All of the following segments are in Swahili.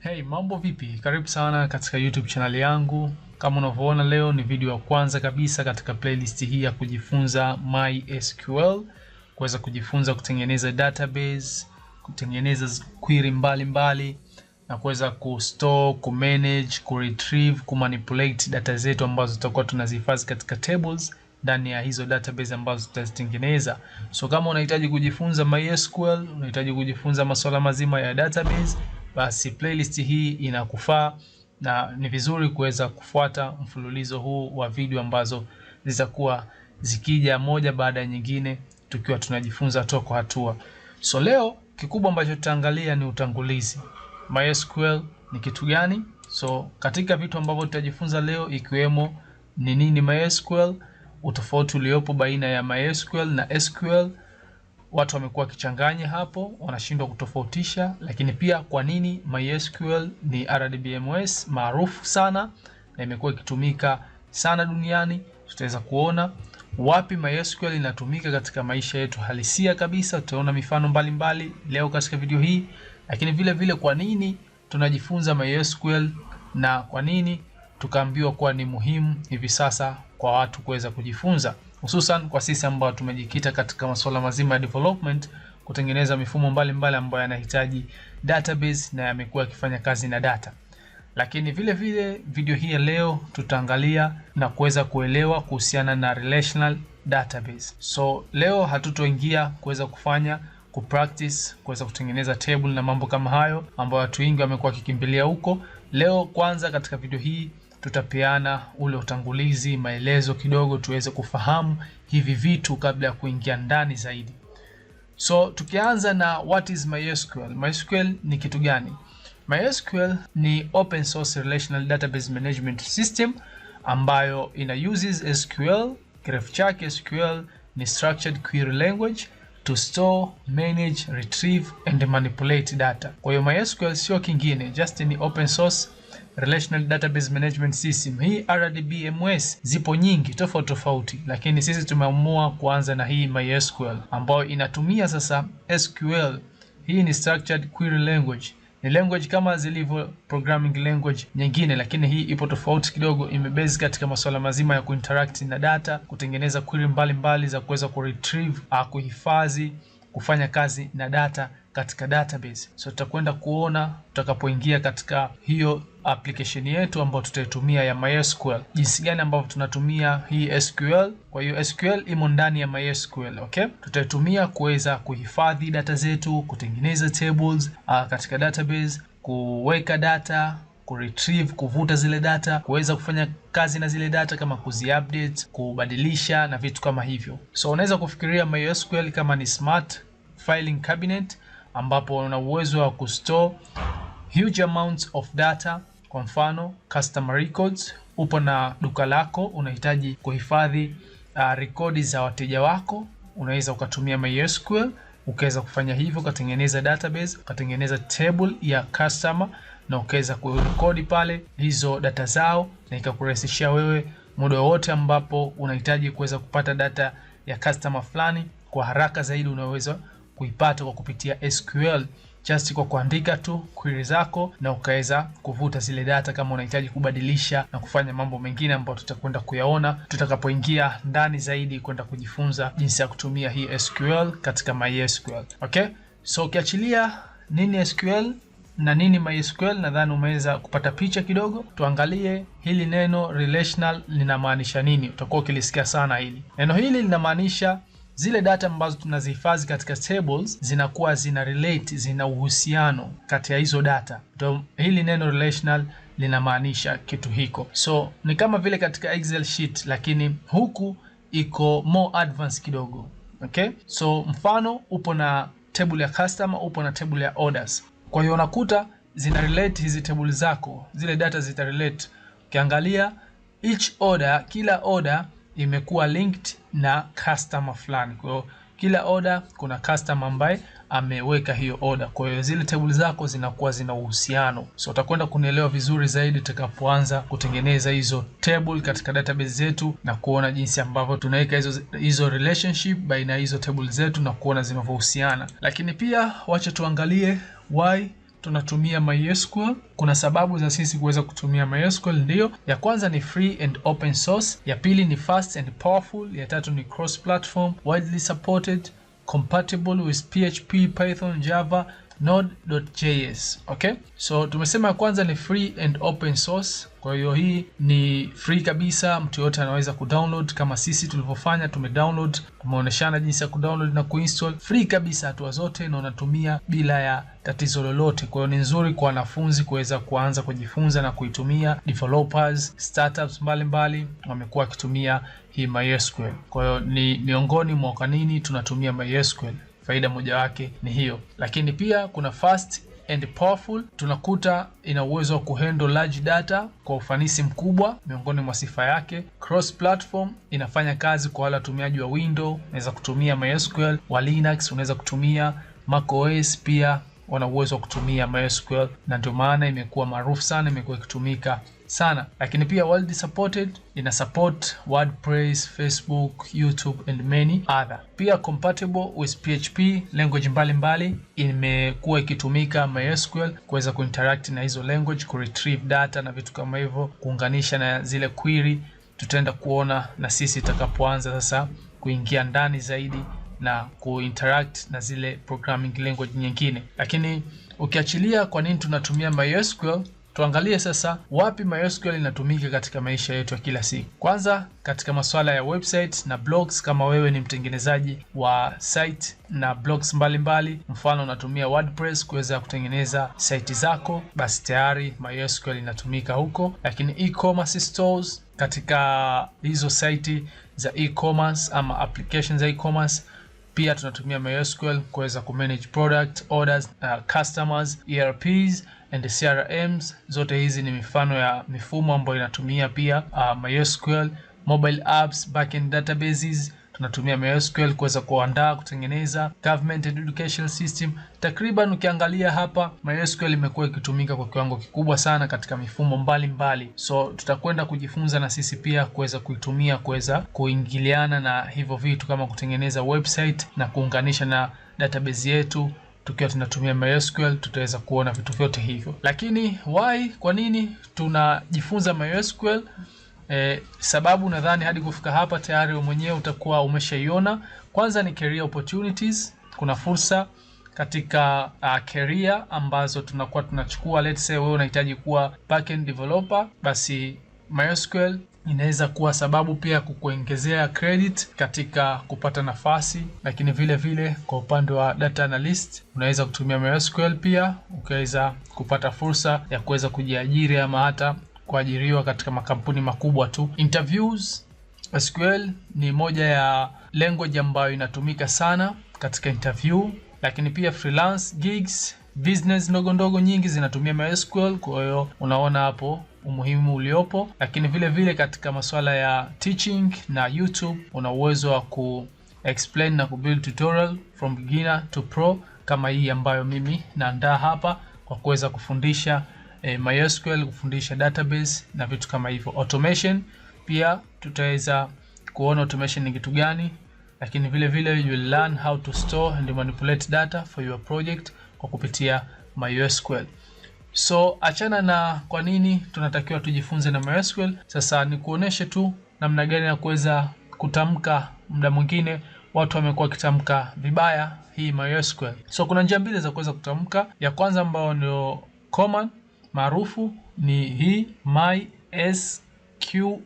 Hey, mambo vipi? Karibu sana katika YouTube channel yangu. Kama unavyoona leo ni video ya kwanza kabisa katika playlist hii ya kujifunza MySQL, kuweza kujifunza kutengeneza database, kutengeneza query mbalimbali na kuweza kustore, kumanage, kuretrieve, kumanipulate data zetu ambazo tutakuwa tunazihifadhi katika tables ndani ya hizo database ambazo tutazitengeneza. So kama unahitaji kujifunza MySQL, unahitaji kujifunza masuala mazima ya database basi playlist hii inakufaa na ni vizuri kuweza kufuata mfululizo huu wa video ambazo zitakuwa zikija moja baada ya nyingine, tukiwa tunajifunza hatua kwa hatua. So leo kikubwa ambacho tutaangalia ni utangulizi. MySQL ni kitu gani? So katika vitu ambavyo tutajifunza leo ikiwemo ni nini MySQL, utofauti uliopo baina ya MySQL na SQL watu wamekuwa wakichanganya hapo, wanashindwa kutofautisha. Lakini pia kwa nini MySQL ni RDBMS maarufu sana na imekuwa ikitumika sana duniani, tutaweza kuona wapi MySQL inatumika katika maisha yetu halisia kabisa. Tutaona mifano mbalimbali mbali leo katika video hii, lakini vile vile kwa nini tunajifunza MySQL na kwa nini tukaambiwa kuwa ni muhimu hivi sasa kwa watu kuweza kujifunza, hususan kwa sisi ambao tumejikita katika masuala mazima ya development, kutengeneza mifumo mbalimbali ambayo yanahitaji database na yamekuwa yakifanya kazi na data. Lakini vile vile video hii ya leo tutaangalia na kuweza kuelewa kuhusiana na relational database. So leo hatutoingia kuweza kufanya practice kuweza kutengeneza table na mambo kama hayo ambayo watu wengi wamekuwa wakikimbilia huko. Leo kwanza, katika video hii tutapeana ule utangulizi, maelezo kidogo, tuweze kufahamu hivi vitu kabla ya kuingia ndani zaidi. So tukianza na what is MySQL. MySQL ni kitu gani? MySQL ni open source relational database management system ambayo ina uses SQL. Kirefu chake SQL ni structured query language to store, manage, retrieve and manipulate data. Kwa hiyo MySQL sio kingine, just ni open source Relational Database Management System. Hii RDBMS zipo nyingi tofauti tofauti, lakini sisi tumeamua kuanza na hii MySQL ambayo inatumia sasa SQL. Hii ni structured query language ni language kama zilivyo programming language nyingine, lakini hii ipo tofauti kidogo, imebase katika masuala mazima ya kuinteract na data, kutengeneza query mbalimbali mbali za kuweza kuretrieve, ah, kuhifadhi, kufanya kazi na data katika database. So tutakwenda kuona tutakapoingia katika hiyo application yetu ambayo tutaitumia ya MySQL, jinsi gani ambavyo tunatumia hii SQL. Kwa hiyo SQL imo ndani ya MySQL, okay? Tutaitumia kuweza kuhifadhi data zetu, kutengeneza tables uh, katika database, kuweka data kuretrieve kuvuta zile data, kuweza kufanya kazi na zile data kama update, kubadilisha na vitu kama hivyo. So unaweza kufikiria MySQL kama ni smart filing cabinet ambapo una uwezo wa kustore huge amounts of data. Kwa mfano customer records, upo na duka lako unahitaji kuhifadhi uh, rekodi za wateja wako, unaweza ukatumia MySQL ukaweza kufanya hivyo, ukatengeneza database, ukatengeneza table ya customer na ukaweza kurekodi pale hizo data zao, na ikakurahisishia wewe muda wote ambapo unahitaji kuweza kupata data ya customer fulani kwa haraka zaidi, unaweza kuipata kwa kupitia SQL just kwa kuandika tu query zako na ukaweza kuvuta zile data kama unahitaji kubadilisha na kufanya mambo mengine ambayo tutakwenda kuyaona tutakapoingia ndani zaidi kwenda kujifunza jinsi ya kutumia hii SQL katika MySQL. Okay? So ukiachilia nini SQL na nini MySQL, nadhani umeweza kupata picha kidogo. Tuangalie hili neno relational linamaanisha nini. Utakuwa ukilisikia sana hili neno. Hili linamaanisha zile data ambazo tunazihifadhi katika tables zinakuwa zina relate, zina uhusiano kati ya hizo data. Ndio hili neno relational linamaanisha kitu hiko. So ni kama vile katika Excel sheet, lakini huku iko more advanced kidogo. Okay, so mfano upo na table ya customer, upo na table ya orders. Kwa hiyo unakuta zina relate hizi table zako, zile data zita relate. Ukiangalia each order, kila order imekuwa linked na customer fulani. Kwa hiyo kila order kuna customer ambaye ameweka hiyo order. Kwa hiyo zile table zako zinakuwa zina uhusiano. So utakwenda kunielewa vizuri zaidi utakapoanza kutengeneza hizo table katika database zetu na kuona jinsi ambavyo tunaweka hizo hizo relationship baina ya hizo table zetu na kuona zinavyohusiana. Lakini pia wacha tuangalie why tunatumia MySQL. Kuna sababu za sisi kuweza kutumia MySQL, ndiyo ya kwanza ni free and open source, ya pili ni fast and powerful, ya tatu ni cross platform, widely supported, compatible with PHP, Python, Java, Node.js. Okay, so tumesema ya kwanza ni free and open source. Kwa hiyo hii ni free kabisa, mtu yoyote anaweza kudownload kama sisi tulivyofanya, tumedownload, tumeoneshana jinsi ya kudownload na kuinstall free kabisa, hatua zote, na unatumia bila ya tatizo lolote. Kwa hiyo ni nzuri kwa wanafunzi kuweza kuanza kujifunza na kuitumia. Developers, startups mbalimbali wamekuwa wakitumia hii MySQL. Kwa hiyo ni miongoni mwa kwa nini tunatumia MySQL, faida moja wake ni hiyo, lakini pia kuna fast and powerful, tunakuta ina uwezo wa kuhandle large data kwa ufanisi mkubwa. Miongoni mwa sifa yake, cross platform, inafanya kazi kwa wale watumiaji wa Windows, unaweza kutumia MySQL, wa Linux unaweza kutumia macOS pia wana uwezo wa kutumia MySQL na ndio maana imekuwa maarufu sana, imekuwa ikitumika sana, lakini pia world supported ina support WordPress, Facebook, YouTube and many other. Pia compatible with PHP language mbalimbali imekuwa ikitumika MySQL kuweza kuinteract na hizo language, kuretrieve data na vitu kama hivyo, kuunganisha na zile query. Tutaenda kuona na sisi itakapoanza sasa kuingia ndani zaidi na kuinteract na zile programming language nyingine, lakini ukiachilia kwa nini tunatumia MySQL Tuangalie sasa wapi MySQL inatumika katika maisha yetu ya kila siku. Kwanza katika masuala ya website na blogs. Kama wewe ni mtengenezaji wa site na blogs mbalimbali mbali, mfano unatumia WordPress kuweza kutengeneza site zako, basi tayari MySQL inatumika huko. Lakini e-commerce stores, katika hizo site za e-commerce ama applications za e-commerce pia tunatumia MySQL kuweza kumanage product orders, uh, customers, ERPs and CRMs. Zote hizi ni mifano ya mifumo ambayo inatumia pia uh, MySQL, mobile apps, backend databases tunatumia MySQL kuweza kuandaa kutengeneza government and education system. Takriban ukiangalia hapa, MySQL imekuwa ikitumika kwa kiwango kikubwa sana katika mifumo mbalimbali mbali. So tutakwenda kujifunza na sisi pia kuweza kuitumia kuweza kuingiliana na hivyo vitu kama kutengeneza website na kuunganisha na database yetu tukiwa tunatumia MySQL tutaweza kuona vitu vyote hivyo. Lakini why, kwa nini tunajifunza MySQL? E, sababu nadhani hadi kufika hapa tayari wewe mwenyewe utakuwa umeshaiona. Kwanza ni career opportunities, kuna fursa katika uh, career ambazo tunakuwa tunachukua. Let's say wewe unahitaji kuwa backend developer, basi MySQL inaweza kuwa sababu pia kukuongezea credit katika kupata nafasi. Lakini vile vile kwa upande wa data analyst, unaweza kutumia MySQL pia ukaweza kupata fursa ya kuweza kujiajiri ama hata kuajiriwa katika makampuni makubwa tu. Interviews SQL ni moja ya language ambayo inatumika sana katika interview, lakini pia freelance gigs, business ndogo ndogo nyingi zinatumia MySQL. Kwa hiyo unaona hapo umuhimu uliopo, lakini vile vile katika masuala ya teaching na YouTube una uwezo wa ku explain na kubuild tutorial from beginner to pro kama hii ambayo mimi naandaa hapa kwa kuweza kufundisha eh, MySQL kufundisha database na vitu kama hivyo. Automation pia tutaweza kuona automation ni kitu gani, lakini vile vile you will learn how to store and manipulate data for your project kwa kupitia MySQL. So achana na kwa nini tunatakiwa tujifunze na MySQL. Sasa ni kuoneshe tu namna gani ya kuweza kutamka. Muda mwingine watu wamekuwa wakitamka vibaya hii MySQL. So kuna njia mbili za kuweza kutamka, ya kwanza ambayo ndio common maarufu ni hii HMISQL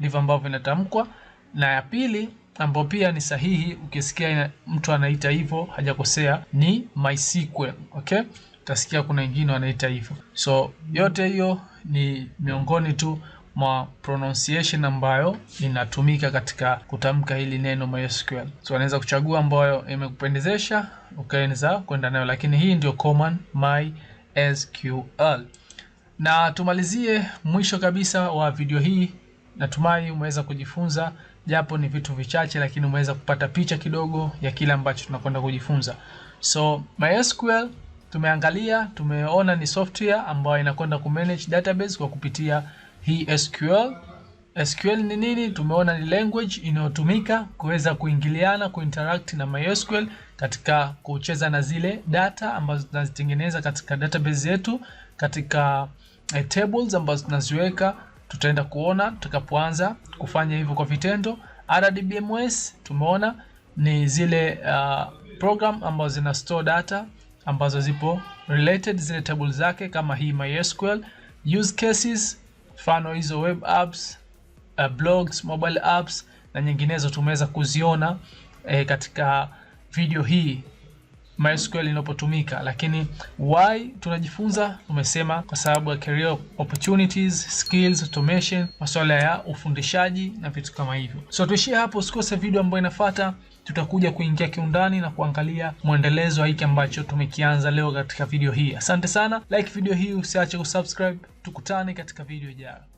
ndivyo ambavyo inatamkwa, na ya pili ambayo pia ni sahihi, ukisikia mtu anaita hivyo hajakosea, ni MySQL. Okay, utasikia kuna wengine wanaita hivyo. So yote hiyo ni miongoni tu mwa pronunciation ambayo inatumika katika kutamka hili neno MySQL. So unaweza kuchagua ambayo imekupendezesha ukaweza kwenda nayo, lakini hii ndio common my SQL. Na tumalizie mwisho kabisa wa video hii. Natumai umeweza kujifunza japo ni vitu vichache, lakini umeweza kupata picha kidogo ya kile ambacho tunakwenda kujifunza. So MySQL tumeangalia, tumeona ni software ambayo inakwenda manage database kwa kupitia hii SQL. SQL ni nini? Tumeona ni language inayotumika kuweza kuingiliana, kuinteract na MySQL katika kucheza na zile data ambazo tunazitengeneza katika database yetu katika eh, tables ambazo tunaziweka. Tutaenda kuona tutakapoanza kufanya hivyo kwa vitendo. RDBMS tumeona ni zile uh, program ambazo zina store data ambazo zipo related zile table zake kama hii MySQL. Use cases mfano hizo web apps, uh, blogs, mobile apps na nyinginezo tumeweza kuziona eh, katika video hii MySQL inapotumika, lakini why tunajifunza, tumesema kwa sababu ya career opportunities, skills, automation, masuala ya ufundishaji na vitu kama hivyo. So tuishie hapo, usikose video ambayo inafuata. Tutakuja kuingia kiundani na kuangalia mwendelezo wa hiki ambacho tumekianza leo katika video hii. Asante sana, like video hii, usiache kusubscribe. Tukutane katika video ijayo.